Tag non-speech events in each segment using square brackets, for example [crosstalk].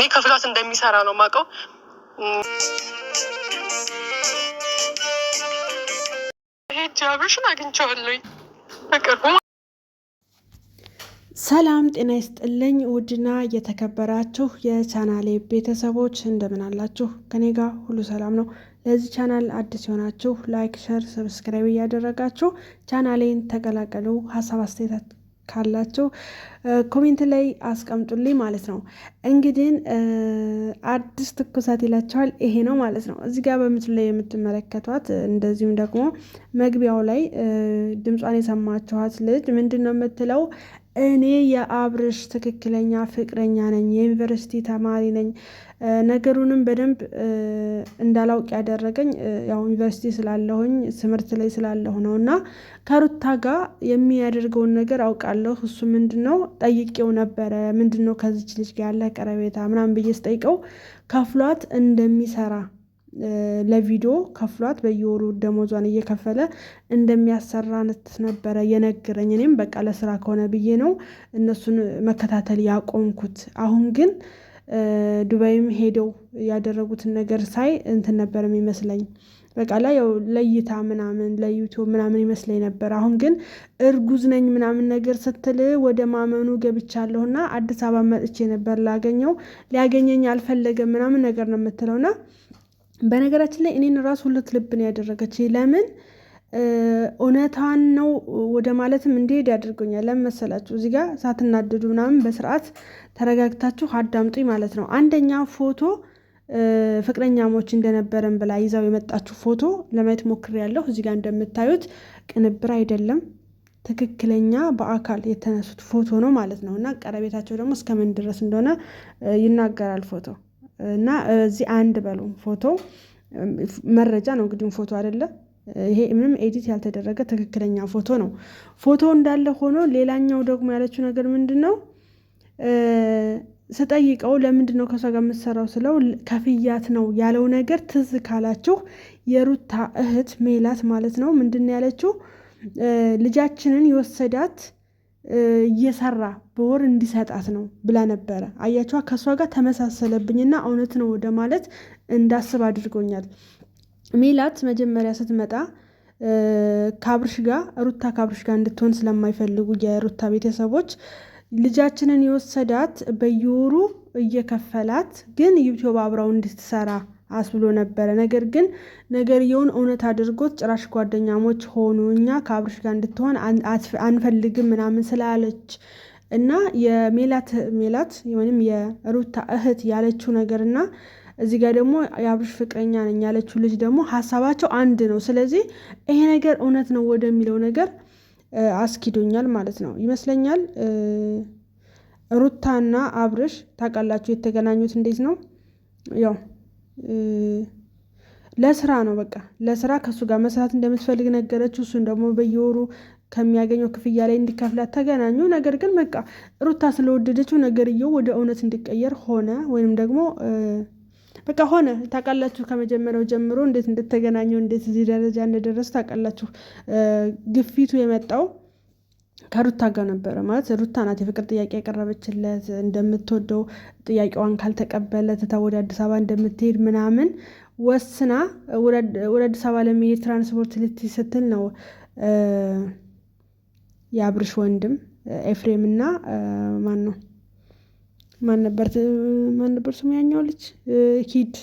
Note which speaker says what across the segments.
Speaker 1: ይህ ከፍሏት እንደሚሰራ ነው ማቀው።
Speaker 2: ሄጅ አግኝቼዋለሁኝ በቅርቡ። ሰላም ጤና ይስጥልኝ። ውድና የተከበራችሁ የቻናሌ ቤተሰቦች እንደምን አላችሁ? ከኔ ጋር ሁሉ ሰላም ነው። ለዚህ ቻናል አዲስ የሆናችሁ ላይክ፣ ሸር፣ ሰብስክራይብ እያደረጋችሁ ቻናሌን ተቀላቀሉ። ሀሳብ አስተያየት ካላችሁ ኮሜንት ላይ አስቀምጡልኝ ማለት ነው። እንግዲህ አዲስ ትኩሳት ይላቸዋል ይሄ ነው ማለት ነው። እዚህ ጋር በምስሉ ላይ የምትመለከቷት እንደዚሁም ደግሞ መግቢያው ላይ ድምጿን የሰማችኋት ልጅ ምንድን ነው የምትለው? እኔ የአብርሽ ትክክለኛ ፍቅረኛ ነኝ፣ የዩኒቨርሲቲ ተማሪ ነኝ። ነገሩንም በደንብ እንዳላውቅ ያደረገኝ ያው ዩኒቨርሲቲ ስላለሁኝ ትምህርት ላይ ስላለሁ ነው እና ከሩታ ጋር የሚያደርገውን ነገር አውቃለሁ። እሱ ምንድን ነው ጠይቄው ነበረ። ምንድን ነው ከዚች ልጅ ጋር ያለ ቀረቤታ ምናምን ብዬ ስጠይቀው ከፍሏት እንደሚሰራ ለቪዲዮ ከፍሏት በየወሩ ደሞዟን እየከፈለ እንደሚያሰራነት ነበረ የነገረኝ። እኔም በቃ ለስራ ከሆነ ብዬ ነው እነሱን መከታተል ያቆምኩት። አሁን ግን ዱባይም ሄደው ያደረጉትን ነገር ሳይ እንትን ነበር የሚመስለኝ በቃ ላይ ያው ለይታ ምናምን ለዩቱብ ምናምን ይመስለኝ ነበር። አሁን ግን እርጉዝ ነኝ ምናምን ነገር ስትል ወደ ማመኑ ገብቻለሁ እና አዲስ አበባ መጥቼ ነበር ላገኘው ሊያገኘኝ አልፈለገም ምናምን ነገር ነው የምትለውና በነገራችን ላይ እኔን ራሱ ሁለት ልብን ያደረገች ለምን እውነታን ነው ወደ ማለትም እንዲሄድ ያደርገኛል። ለምን መሰላችሁ? እዚህ ጋር ሳትናደዱ ምናምን በስርዓት ተረጋግታችሁ አዳምጡኝ ማለት ነው። አንደኛ ፎቶ ፍቅረኛሞች እንደነበረን ብላ ይዛው የመጣችው ፎቶ ለማየት ሞክሬያለሁ። እዚህ ጋር እንደምታዩት ቅንብር አይደለም፣ ትክክለኛ በአካል የተነሱት ፎቶ ነው ማለት ነው። እና ቀረቤታቸው ደግሞ እስከምን ድረስ እንደሆነ ይናገራል ፎቶ እና እዚህ አንድ በሉ ፎቶ መረጃ ነው እንግዲህ ፎቶ አይደለ ይሄ ምንም ኤዲት ያልተደረገ ትክክለኛ ፎቶ ነው። ፎቶ እንዳለ ሆኖ ሌላኛው ደግሞ ያለችው ነገር ምንድን ነው? ስጠይቀው ለምንድን ነው ከእሷ ጋር የምትሰራው ስለው ከፍያት ነው ያለው ነገር ትዝ ካላችሁ የሩታ እህት ሜላት ማለት ነው ምንድን ያለችው ልጃችንን የወሰዳት እየሰራ በወር እንዲሰጣት ነው ብላ ነበረ። አያችኋ፣ ከእሷ ጋር ተመሳሰለብኝና እውነት ነው ወደ ማለት እንዳስብ አድርጎኛል። ሜላት መጀመሪያ ስትመጣ ከአብርሽ ጋር ሩታ ከአብርሽ ጋር እንድትሆን ስለማይፈልጉ የሩታ ቤተሰቦች ልጃችንን የወሰዳት በየወሩ እየከፈላት ግን ዩቲዩብ አብራው እንድትሰራ አስብሎ ነበረ። ነገር ግን ነገርየውን እውነት አድርጎት ጭራሽ ጓደኛሞች ሆኑ። እኛ ከአብርሽ ጋር እንድትሆን አንፈልግም ምናምን ስላለች እና የሜላት ሜላት ወይም የሩታ እህት ያለችው ነገር እና እዚህ ጋር ደግሞ የአብርሽ ፍቅረኛ ነኝ ያለችው ልጅ ደግሞ ሀሳባቸው አንድ ነው። ስለዚህ ይሄ ነገር እውነት ነው ወደሚለው ነገር አስኪዶኛል ማለት ነው ይመስለኛል። ሩታና አብርሽ ታውቃላችሁ የተገናኙት እንዴት ነው? ያው ለስራ ነው። በቃ ለስራ ከእሱ ጋር መስራት እንደምትፈልግ ነገረችው። እሱን ደግሞ በየወሩ ከሚያገኘው ክፍያ ላይ እንዲከፍላት ተገናኙ። ነገር ግን በቃ ሩታ ስለወደደችው ነገርየው ወደ እውነት እንዲቀየር ሆነ ወይም ደግሞ በቃ ሆነ ታውቃላችሁ። ከመጀመሪያው ጀምሮ እንዴት እንደተገናኙ እንዴት እዚህ ደረጃ እንደደረሱ ታውቃላችሁ። ግፊቱ የመጣው ከሩታ ጋር ነበረ። ማለት ሩታ ናት የፍቅር ጥያቄ ያቀረበችለት እንደምትወደው ጥያቄዋን ካልተቀበለ ትታ ወደ አዲስ አበባ እንደምትሄድ ምናምን ወስና ወደ አዲስ አበባ ለመሄድ ትራንስፖርት ልትይ ስትል ነው የአብርሽ ወንድም ኤፍሬም እና ማን ነው ማን ነበር ስሙ ያኛው ልጅ ሂድ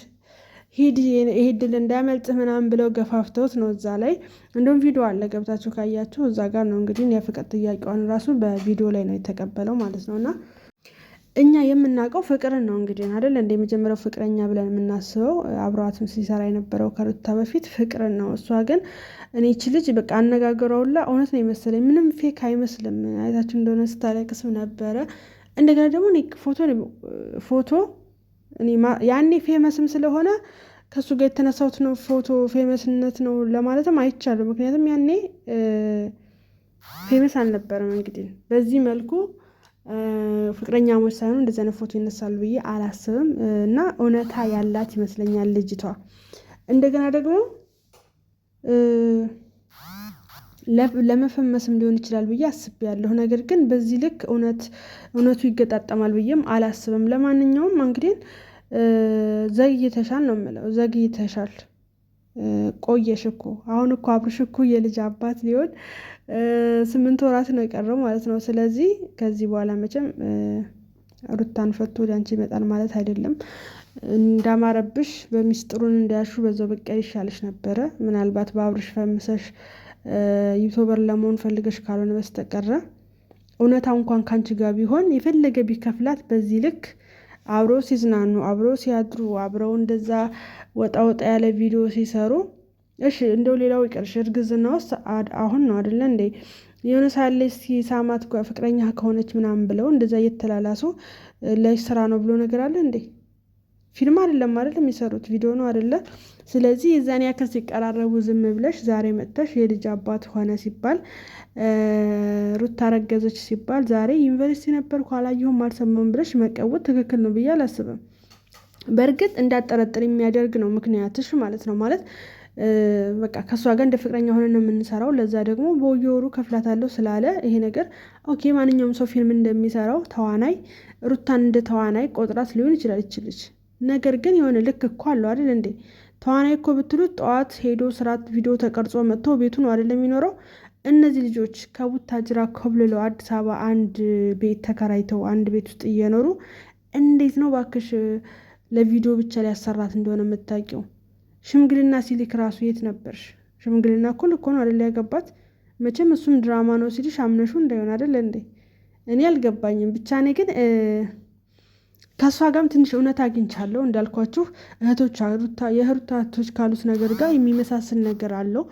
Speaker 2: ሂድ ይሄ እንዳያመልጥህ ምናምን ብለው ገፋፍተውት ነው እዛ ላይ እንደውም ቪዲዮ አለ ገብታችሁ ካያችሁ እዛ ጋር ነው እንግዲህ የፍቅር ጥያቄዋን ራሱ በቪዲዮ ላይ ነው የተቀበለው ማለት ነው እና እኛ የምናውቀው ፍቅርን ነው እንግዲህ አይደል እንደ የመጀመሪያው ፍቅረኛ ብለን የምናስበው አብረዋትም ሲሰራ የነበረው ከሩታ በፊት ፍቅርን ነው። እሷ ግን እኔች ልጅ በቃ አነጋገሯ እውነት ነው የመሰለኝ ምንም ፌክ አይመስልም። አይታችሁ እንደሆነ ስታለቅስም ነበረ እንደገና ደግሞ ፎቶ ፎቶ ያኔ ፌመስም ስለሆነ ከእሱ ጋር የተነሳሁት ነው ፎቶ ፌመስነት ነው ለማለትም አይቻልም። ምክንያቱም ያኔ ፌመስ አልነበረም። እንግዲህ በዚህ መልኩ ሞች ሳይሆኑ እንደዚህ አይነት ፎቶ ይነሳሉ ብዬ አላስብም እና እውነታ ያላት ይመስለኛል ልጅቷ እንደገና ደግሞ ለመፈመስም ሊሆን ይችላል ብዬ አስቤያለሁ። ነገር ግን በዚህ ልክ እውነቱ ይገጣጠማል ብዬም አላስብም። ለማንኛውም እንግዲህ ዘግይተሻል ነው የምለው፣ ዘግይተሻል። ቆየሽ እኮ አሁን እኮ አብርሽ እኮ የልጅ አባት ሊሆን ስምንት ወራት ነው የቀረው ማለት ነው። ስለዚህ ከዚህ በኋላ መቼም ሩታን ፈቶ ወደ አንቺ ይመጣል ማለት አይደለም። እንዳማረብሽ በሚስጥሩን እንዳያሹ በዛው በቀል ይሻልሽ ነበረ። ምናልባት በአብርሽ ፈምሰሽ ዩቱበር ለመሆን ፈልገሽ ካልሆነ በስተቀረ እውነታ እንኳን ከአንቺ ጋር ቢሆን የፈለገ ቢከፍላት በዚህ ልክ አብረው ሲዝናኑ አብረው ሲያድሩ አብረው እንደዛ ወጣ ወጣ ያለ ቪዲዮ ሲሰሩ እሺ እንደው ሌላው ይቅርሽ፣ እርግዝና ውስጥ አሁን ነው አደለ እንዴ? የሆነ ሳለ ሲሳማት ፍቅረኛ ከሆነች ምናምን ብለው እንደዛ እየተላላሱ ለስራ ነው ብሎ ነገር አለ እንዴ? ፊልም አይደለም አይደል የሚሰሩት ቪዲዮ ነው አይደለ ስለዚህ የዛን ያክል ሲቀራረቡ ዝም ብለሽ ዛሬ መጥተሽ የልጅ አባት ሆነ ሲባል ሩታ ረገዘች ሲባል ዛሬ ዩኒቨርሲቲ ነበርኩ አላየሁም አልሰማም ብለሽ መቀወጥ ትክክል ነው ብዬ አላስብም በእርግጥ እንዳጠረጥር የሚያደርግ ነው ምክንያትሽ ማለት ነው ማለት በቃ ከእሷ ጋር እንደ ፍቅረኛ ሆነ ነው የምንሰራው። ለዛ ደግሞ በየወሩ ከፍላታለሁ ስላለ ይሄ ነገር ኦኬ፣ ማንኛውም ሰው ፊልም እንደሚሰራው ተዋናይ ሩታን እንደ ተዋናይ ቆጥራት ሊሆን ይችላል ይችልች ነገር ግን የሆነ ልክ እኮ አለው አይደል እንዴ? ተዋናይ እኮ ብትሉት ጠዋት ሄዶ ስራት ቪዲዮ ተቀርጾ መጥቶ ቤቱ ነው አይደል የሚኖረው። እነዚህ ልጆች ከቡታጅራ ኮብልለው አዲስ አበባ አንድ ቤት ተከራይተው አንድ ቤት ውስጥ እየኖሩ እንዴት ነው ባክሽ ለቪዲዮ ብቻ ሊያሰራት እንደሆነ የምታውቂው? ሽምግልና ሲልክ ራሱ የት ነበርሽ? ሽምግልና እኮ ልክ ሆኖ አይደል ያገባት። መቼም እሱም ድራማ ነው ሲልሽ አምነሹ እንዳይሆን አይደል እንዴ? እኔ አልገባኝም። ብቻ እኔ ግን ከእሷ ጋርም ትንሽ እውነት አግኝቻለሁ። እንዳልኳችሁ እህቶች የሩታ እህቶች ካሉት ነገር ጋር የሚመሳስል ነገር አለው።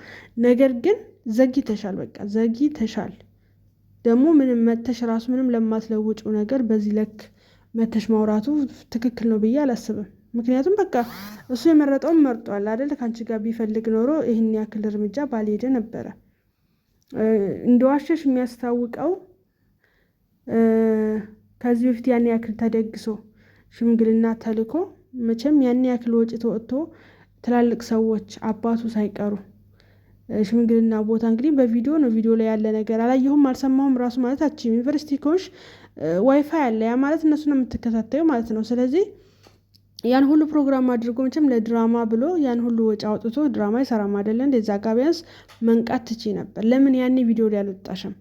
Speaker 2: ነገር ግን ዘግይተሻል፣ በቃ ዘግይተሻል። ደግሞ ምንም መተሽ ራሱ ምንም ለማትለውጭው ነገር በዚህ ለክ መተሽ ማውራቱ ትክክል ነው ብዬ አላስብም። ምክንያቱም በቃ እሱ የመረጠውን መርጧል አይደል? ከአንቺ ጋር ቢፈልግ ኖሮ ይህን ያክል እርምጃ ባልሄደ ነበረ። እንደዋሸሽ የሚያስታውቀው ከዚህ በፊት ያን ያክል ተደግሶ ሽምግልና ተልኮ መቼም ያን ያክል ወጪ ተወጥቶ ትላልቅ ሰዎች አባቱ ሳይቀሩ ሽምግልና ቦታ እንግዲህ በቪዲዮ ነው። ቪዲዮ ላይ ያለ ነገር አላየሁም አልሰማሁም ራሱ ማለት አችም ዩኒቨርሲቲ ከሆንሽ ዋይፋይ አለ። ያ ማለት እነሱ ነው የምትከታተዩ ማለት ነው። ስለዚህ ያን ሁሉ ፕሮግራም አድርጎ መቼም ለድራማ ብሎ ያን ሁሉ ወጪ አውጥቶ ድራማ ይሰራም አይደለ? እንደዛ ጋ ቢያንስ መንቃት ትቺ ነበር። ለምን ያኔ ቪዲዮ ላይ አልወጣሽም?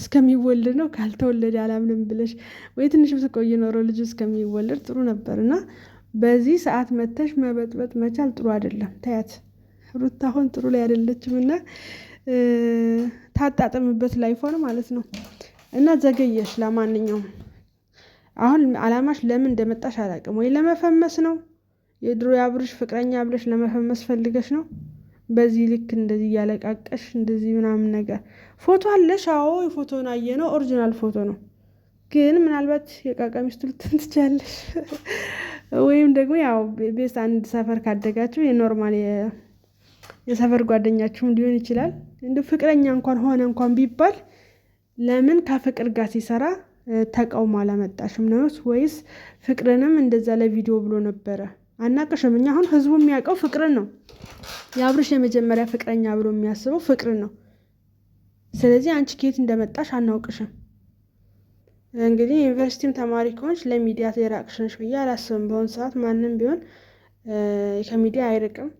Speaker 2: እስከሚወልድ ነው ካልተወለደ አላምንም ብለሽ ወይ ትንሽ ብትቆይ ኖሮ ልጁ እስከሚወለድ ጥሩ ነበር እና በዚህ ሰዓት መተሽ መበጥበጥ መቻል ጥሩ አይደለም። ታያት ሩት አሁን ጥሩ ላይ አይደለችም እና ታጣጥምበት ላይፎን ማለት ነው እና ዘገየሽ። ለማንኛውም አሁን አላማሽ ለምን እንደመጣሽ አላውቅም። ወይ ለመፈመስ ነው የድሮ የአብርሽ ፍቅረኛ ብለሽ ለመፈመስ ፈልገሽ ነው። በዚህ ልክ እንደዚህ እያለቃቀሽ እንደዚህ ምናምን ነገር ፎቶ አለሽ? አዎ የፎቶን አየ ነው ኦሪጂናል ፎቶ ነው። ግን ምናልባት የቃቃ ሚስቱ ልትን ትችያለሽ። ወይም ደግሞ ያው ቤስ አንድ ሰፈር ካደጋችሁ የኖርማል የሰፈር ጓደኛችሁም ሊሆን ይችላል። እንዲ ፍቅረኛ እንኳን ሆነ እንኳን ቢባል ለምን ከፍቅር ጋር ሲሰራ ተቃውሞ አላመጣሽም ነውስ? ወይስ ፍቅርንም እንደዛ ለቪዲዮ ብሎ ነበረ አናቅሽም? እኛ አሁን ህዝቡ የሚያውቀው ፍቅርን ነው። የአብርሽ የመጀመሪያ ፍቅረኛ ብሎ የሚያስበው ፍቅርን ነው። ስለዚህ አንቺ ከየት እንደመጣሽ አናውቅሽም። እንግዲህ ዩኒቨርሲቲም ተማሪ ከሆንሽ ለሚዲያ የራቅሽ ነሽ ብዬ አላስብም። በአሁኑ ሰዓት ማንም ቢሆን ከሚዲያ አይርቅም።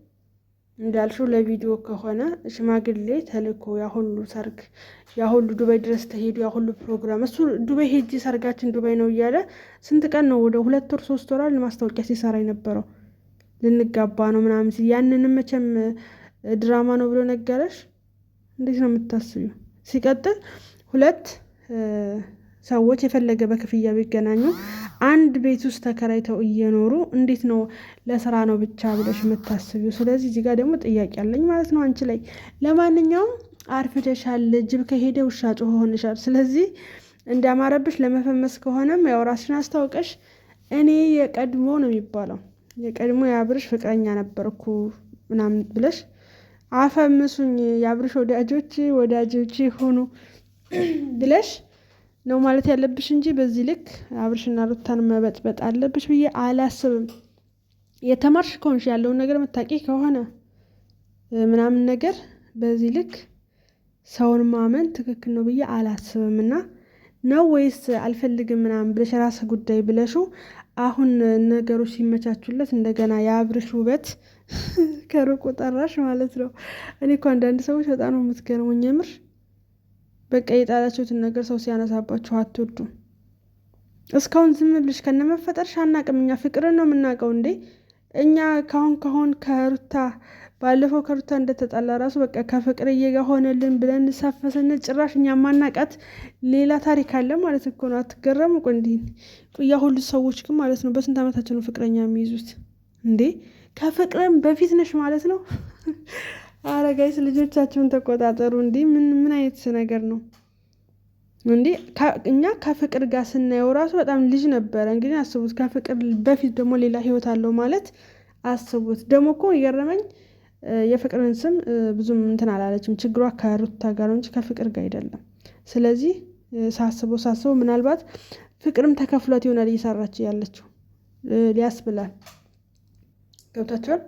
Speaker 2: እንዳልሽው ለቪዲዮ ከሆነ ሽማግሌ ተልኮ ያሁሉ ሰርግ ያሁሉ ዱባይ ድረስ ተሄዱ ያሁሉ ፕሮግራም እሱ ዱባይ ሄጂ ሰርጋችን ዱባይ ነው እያለ ስንት ቀን ነው ወደ ሁለት ወር ሶስት ወራል ማስታወቂያ ሲሰራ የነበረው ልንጋባ ነው ምናምን ሲል ያንንም መቼም ድራማ ነው ብሎ ነገረሽ። እንዴት ነው የምታስቢው? ሲቀጥል ሁለት ሰዎች የፈለገ በክፍያ ቢገናኙ አንድ ቤት ውስጥ ተከራይተው እየኖሩ እንዴት ነው ለስራ ነው ብቻ ብለሽ የምታስቢው? ስለዚህ እዚህ ጋር ደግሞ ጥያቄ አለኝ ማለት ነው አንቺ ላይ። ለማንኛውም አርፍደሻል። ጅብ ከሄደ ውሻ ጮኸ ሆነሻል። ስለዚህ እንዳማረብሽ ለመፈመስ ከሆነም ያው ራስሽን አስታውቀሽ እኔ የቀድሞ ነው የሚባለው የቀድሞ የአብርሽ ፍቅረኛ ነበርኩ ምናምን ብለሽ አፈምሱኝ የአብርሽ ወዳጆች ወዳጆች ሆኑ ብለሽ ነው ማለት ያለብሽ እንጂ በዚህ ልክ አብርሽና ሩታን መበጥበጥ አለብሽ ብዬ አላስብም። የተማርሽ ከሆንሽ ያለውን ነገር መታቂ ከሆነ ምናምን ነገር በዚህ ልክ ሰውን ማመን ትክክል ነው ብዬ አላስብም። እና ነው ወይስ አልፈልግም ምናምን ብለሽ ራስ ጉዳይ ብለሹ አሁን ነገሮች ሲመቻቹለት እንደገና የአብርሽ ውበት ከሩቁ ጠራሽ ማለት ነው። እኔ እኮ አንዳንድ ሰዎች በጣም ነው የምትገርሙኝ። የምር በቃ የጣላችሁትን ነገር ሰው ሲያነሳባችሁ አትወዱም። እስካሁን ዝም ብለሽ ከነመፈጠርሽ አናቅም። እኛ ፍቅርን ነው የምናውቀው እንዴ እኛ ካሁን ካሁን ከሩታ ባለፈው ከሩታ እንደተጣላ ራሱ በቃ ከፍቅርዬ ጋር ሆነልን ብለን ሳፈሰን ጭራሽ እኛ ማናቃት ሌላ ታሪክ አለ ማለት እኮ ነው። አትገረሙ? እንዲህ ያ ሁሉ ሰዎች ግን ማለት ነው በስንት ዓመታቸው ነው ፍቅረኛ የሚይዙት እንዴ? ከፍቅርም በፊት ነሽ ማለት ነው። [laughs] አረ ጋይስ ልጆቻችሁን ተቆጣጠሩ። እንዲህ ምን ምን አይነት ነገር ነው እንዴ? እኛ ከፍቅር ጋር ስናየው ራሱ በጣም ልጅ ነበረ። እንግዲህ አስቡት፣ ከፍቅር በፊት ደግሞ ሌላ ህይወት አለው ማለት አስቡት። ደግሞ እኮ የገረመኝ የፍቅርን ስም ብዙም እንትን አላለችም። ችግሯ ከሩታ ጋር እንጂ ከፍቅር ጋር አይደለም። ስለዚህ ሳስበው ሳስበው ምናልባት ፍቅርም ተከፍሏት ይሆናል እየሰራች ያለችው ሊያስብላል። ገብታችኋል።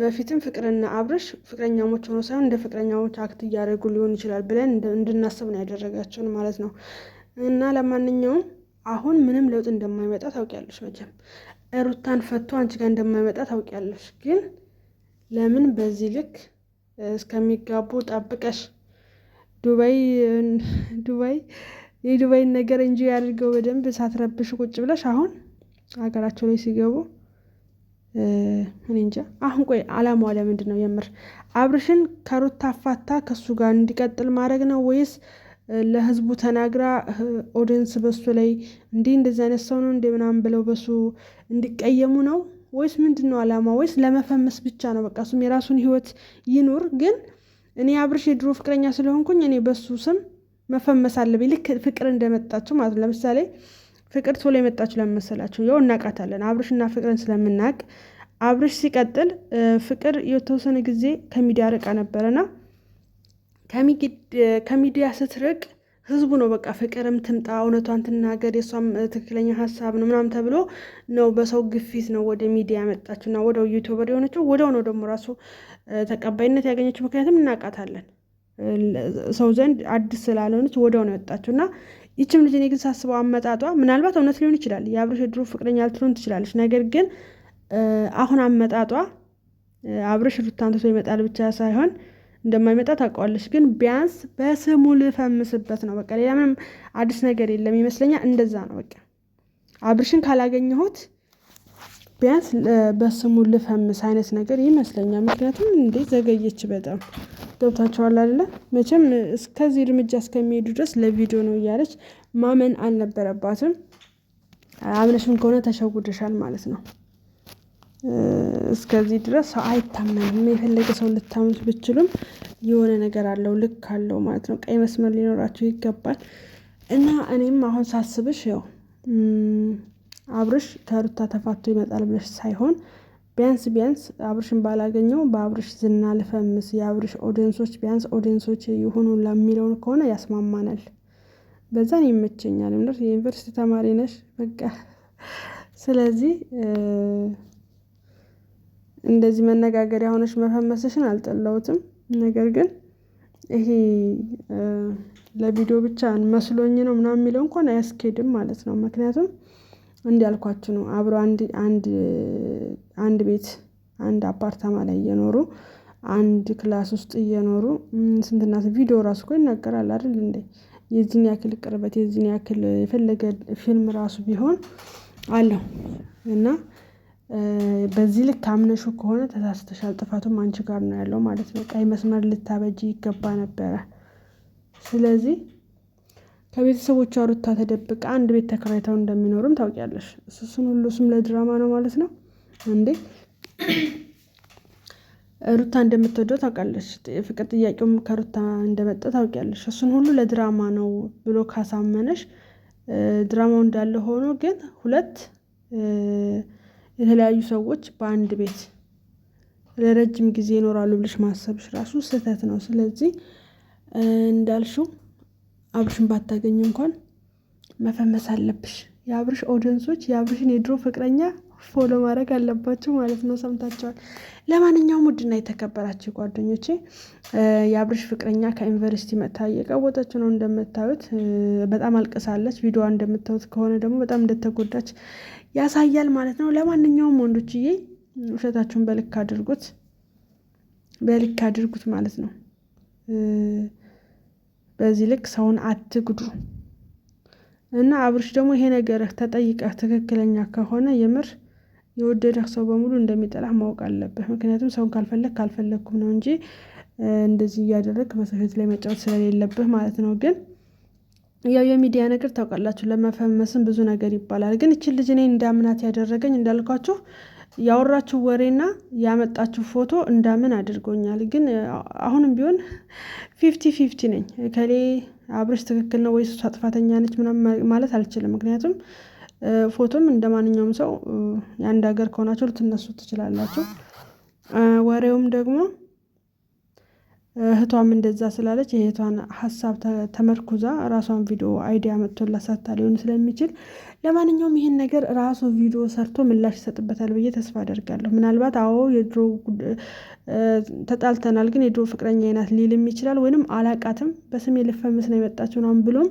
Speaker 2: በፊትም ፍቅርና አብርሽ ፍቅረኛሞች ሆኖ ሳይሆን እንደ ፍቅረኛሞች አክት እያደረጉ ሊሆን ይችላል ብለን እንድናስብ ነው ያደረጋቸውን ማለት ነው። እና ለማንኛውም አሁን ምንም ለውጥ እንደማይመጣ ታውቂያለሽ። መቼም ሩታን ፈቶ አንቺ ጋር እንደማይመጣ ታውቂያለሽ። ግን ለምን በዚህ ልክ እስከሚጋቡ ጠብቀሽ ዱባይ ዱባይ የዱባይን ነገር እንጂ ያድርገው በደንብ ሳትረብሽ ቁጭ ብለሽ አሁን ሀገራቸው ላይ ሲገቡ እኔ እንጃ አሁን ቆይ አላማዋ ለምንድን ነው የምር አብርሽን ከሩታ አፋታ ከእሱ ጋር እንዲቀጥል ማድረግ ነው ወይስ ለህዝቡ ተናግራ ኦዲንስ በሱ ላይ እንዲህ እንደዚህ አይነት ሰው ነው እንደ ምናምን ብለው በሱ እንዲቀየሙ ነው ወይስ ምንድን ነው አላማ? ወይስ ለመፈመስ ብቻ ነው? በቃ እሱም የራሱን ህይወት ይኑር። ግን እኔ አብርሽ የድሮ ፍቅረኛ ስለሆንኩኝ እኔ በሱ ስም መፈመስ አለብኝ። ልክ ፍቅር እንደመጣችው ማለት ነው። ለምሳሌ ፍቅር ቶሎ የመጣችው ለምን መሰላችሁ? ያው እናውቃታለን አብርሽና ፍቅርን ስለምናውቅ አብርሽ ሲቀጥል ፍቅር የተወሰነ ጊዜ ከሚዲያ ርቃ ነበረና ከሚዲያ ስትርቅ ህዝቡ ነው በቃ ፍቅርም ትምጣ እውነቷን ትናገር የእሷም ትክክለኛ ሀሳብ ነው ምናምን ተብሎ ነው በሰው ግፊት ነው ወደ ሚዲያ ያመጣችው እና ወደው ዩቱበር የሆነችው ወደው ነው ደግሞ ራሱ ተቀባይነት ያገኘችው። ምክንያትም እናውቃታለን ሰው ዘንድ አዲስ ስላልሆነች ወደው ነው የወጣችው እና ይችም ልጅ እኔ ግን ሳስበው አመጣጧ ምናልባት እውነት ሊሆን ይችላል የአብርሽ ድሮ ፍቅረኛ ልትሆን ትችላለች። ነገር ግን አሁን አመጣጧ አብርሽ ሩታን ትቶ ይመጣል ብቻ ሳይሆን እንደማይመጣ ታውቀዋለች። ግን ቢያንስ በስሙ ልፈምስበት ነው በቃ ሌላ ምንም አዲስ ነገር የለም ይመስለኛል። እንደዛ ነው በቃ አብርሽን ካላገኘሁት ቢያንስ በስሙ ልፈምስ አይነት ነገር ይመስለኛል። ምክንያቱም እንዴ ዘገየች በጣም ገብታቸዋል አይደለ? መቼም እስከዚህ እርምጃ እስከሚሄዱ ድረስ ለቪዲዮ ነው እያለች ማመን አልነበረባትም። አምነሽም ከሆነ ተሸጉድሻል ማለት ነው። እስከዚህ ድረስ ሰው አይታመንም። የፈለገ ሰው ልታምኑት ብችሉም የሆነ ነገር አለው ልክ አለው ማለት ነው። ቀይ መስመር ሊኖራቸው ይገባል። እና እኔም አሁን ሳስብሽ ያው አብርሽ ከሩታ ተፋቶ ይመጣል ብለሽ ሳይሆን ቢያንስ ቢያንስ አብርሽን ባላገኘው በአብርሽ ዝና ልፈምስ፣ የአብርሽ ኦዲንሶች ቢያንስ ኦዲንሶች የሆኑ ለሚለውን ከሆነ ያስማማናል። በዛን ይመቸኛል። እምነት የዩኒቨርሲቲ ተማሪ ነሽ በቃ። ስለዚህ እንደዚህ መነጋገር ሆነሽ መፈመስሽን አልጠላሁትም። ነገር ግን ይሄ ለቪዲዮ ብቻ መስሎኝ ነው ምናምን የሚለው እንኳን አያስኬድም ማለት ነው ምክንያቱም እንዲያልኳችሁ ነው አብሮ አንድ ቤት አንድ አፓርታማ ላይ እየኖሩ አንድ ክላስ ውስጥ እየኖሩ ስንትና ቪዲዮ ራሱ እኮ ይናገራል አይደል እንዴ የዚህን ያክል ቅርበት የዚህን ያክል የፈለገ ፊልም ራሱ ቢሆን አለው እና በዚህ ልክ አምነሹ ከሆነ ተሳስተሻል፣ ጥፋቱም አንቺ ጋር ነው ያለው ማለት ነው። ቀይ መስመር ልታበጂ ይገባ ነበረ። ስለዚህ ከቤተሰቦቿ ሩታ ተደብቃ አንድ ቤት ተከራይተው እንደሚኖርም ታውቂያለሽ። እሱሱን ሁሉ እሱም ለድራማ ነው ማለት ነው እንዴ? ሩታ እንደምትወደው ታውቃለሽ። ፍቅር ጥያቄውም ከሩታ እንደመጣ ታውቂያለሽ። እሱን ሁሉ ለድራማ ነው ብሎ ካሳመነሽ ድራማው እንዳለ ሆኖ ግን ሁለት የተለያዩ ሰዎች በአንድ ቤት ለረጅም ጊዜ ይኖራሉ ብለሽ ማሰብሽ ራሱ ስህተት ነው። ስለዚህ እንዳልሽው አብርሽን ባታገኝ እንኳን መፈመስ አለብሽ። የአብርሽ ኦዲየንሶች የአብርሽን የድሮ ፍቅረኛ ፎሎ ማድረግ አለባቸው ማለት ነው። ሰምታቸዋል። ለማንኛውም ውድና የተከበራቸው ጓደኞቼ የአብርሽ ፍቅረኛ ከዩኒቨርሲቲ መጥታ እየቀወጠች ነው እንደምታዩት። በጣም አልቅሳለች። ቪዲዮዋ እንደምታዩት ከሆነ ደግሞ በጣም እንደተጎዳች ያሳያል ማለት ነው። ለማንኛውም ወንዶችዬ ውሸታችሁን በልክ አድርጉት፣ በልክ አድርጉት ማለት ነው። በዚህ ልክ ሰውን አትጉዱ። እና አብርሽ ደግሞ ይሄ ነገርህ ተጠይቀህ ትክክለኛ ከሆነ የምር የወደደህ ሰው በሙሉ እንደሚጠላህ ማወቅ አለብህ። ምክንያቱም ሰውን ካልፈለግ ካልፈለግኩም ነው እንጂ እንደዚህ እያደረግ በሰው ህይወት ላይ መጫወት ስለሌለብህ ማለት ነው። ግን ያው የሚዲያ ነገር ታውቃላችሁ፣ ለመፈመስም ብዙ ነገር ይባላል። ግን እችን ልጅ እኔ እንዳምናት ያደረገኝ እንዳልኳችሁ ያወራችሁ ወሬና ያመጣችሁ ፎቶ እንዳምን አድርጎኛል። ግን አሁንም ቢሆን ፊፍቲ ፊፍቲ ነኝ። ከሌ አብርሽ ትክክል ነው ወይስ እሷ ጥፋተኛ ነች ምናምን ማለት አልችልም። ምክንያቱም ፎቶም እንደ ማንኛውም ሰው የአንድ ሀገር ከሆናችሁ ልትነሱ ትችላላችሁ። ወሬውም ደግሞ እህቷም እንደዛ ስላለች የእህቷን ሀሳብ ተመርኩዛ ራሷን ቪዲዮ አይዲያ መጥቶላት ሰርታ ሊሆን ስለሚችል ለማንኛውም ይህን ነገር ራሱ ቪዲዮ ሰርቶ ምላሽ ይሰጥበታል ብዬ ተስፋ አደርጋለሁ። ምናልባት አዎ የድሮ ተጣልተናል፣ ግን የድሮ ፍቅረኛ አይነት ሊልም ይችላል፣ ወይንም አላቃትም በስሜ ልፈምስ ነው የመጣችው ምናምን ብሎም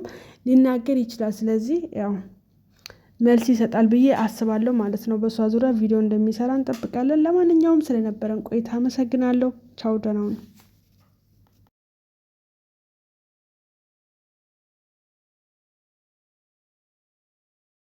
Speaker 2: ሊናገር ይችላል። ስለዚህ ያው መልስ ይሰጣል ብዬ አስባለሁ ማለት ነው። በእሷ ዙሪያ ቪዲዮ እንደሚሰራ እንጠብቃለን። ለማንኛውም ስለነበረን ቆይታ አመሰግናለሁ። ቻው፣ ደህና